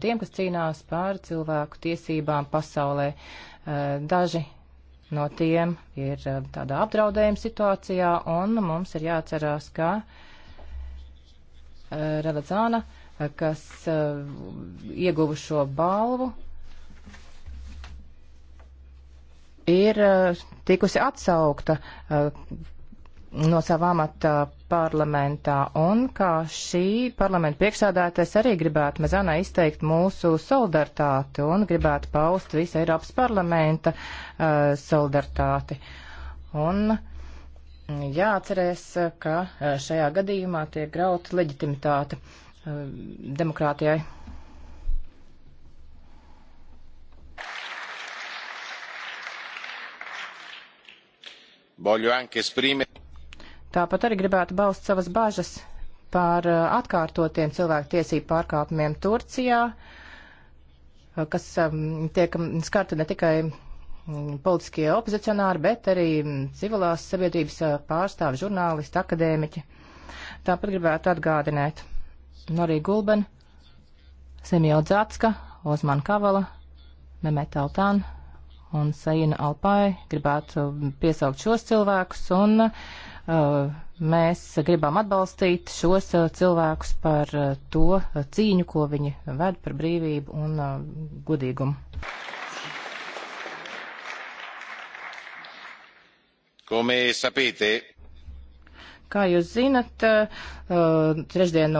tiem, kas cīnās pār cilvēku tiesībām pasaulē. Eh, daži no tiem ir eh, tādā apdraudējuma situācijā, un mums ir jāatcerās, ka eh, Relazāna, kas ieguva šo balvu, ir tikusi atsaukta no sava amata parlamentā. Un kā šī parlamenta priekšsādātais arī gribētu mazanā izteikt mūsu solidaritāti un gribētu paust visu Eiropas parlamenta uh, solidaritāti. Un jāatcerēs, ka uh, šajā gadījumā tiek grauta leģitimitāte uh, demokrātijai. Voglio anche esprimere Tāpat arī gribētu balst savas bažas par eh, atkārtotiem cilvēku tiesību pārkāpumiem Turcijā, eh, kas ehm, tiek skarta ne tikai politiskie opozicionāri, bet arī civilās sabiedrības eh, pārstāvi, žurnālisti, akadēmiķi. Tāpat gribētu atgādināt Noriju Gulbenu, Semija Dzatska, Ozmanu Kavala, Mehmet Altānu un Saina Alpai. Gribētu piesaukt šos cilvēkus un uh, Eh, mēs gribam atbalstīt šos eh, cilvēkus par eh, to cīņu, ko viņi ved par brīvību un godīgumu. Kā jūs zinat, trešdien no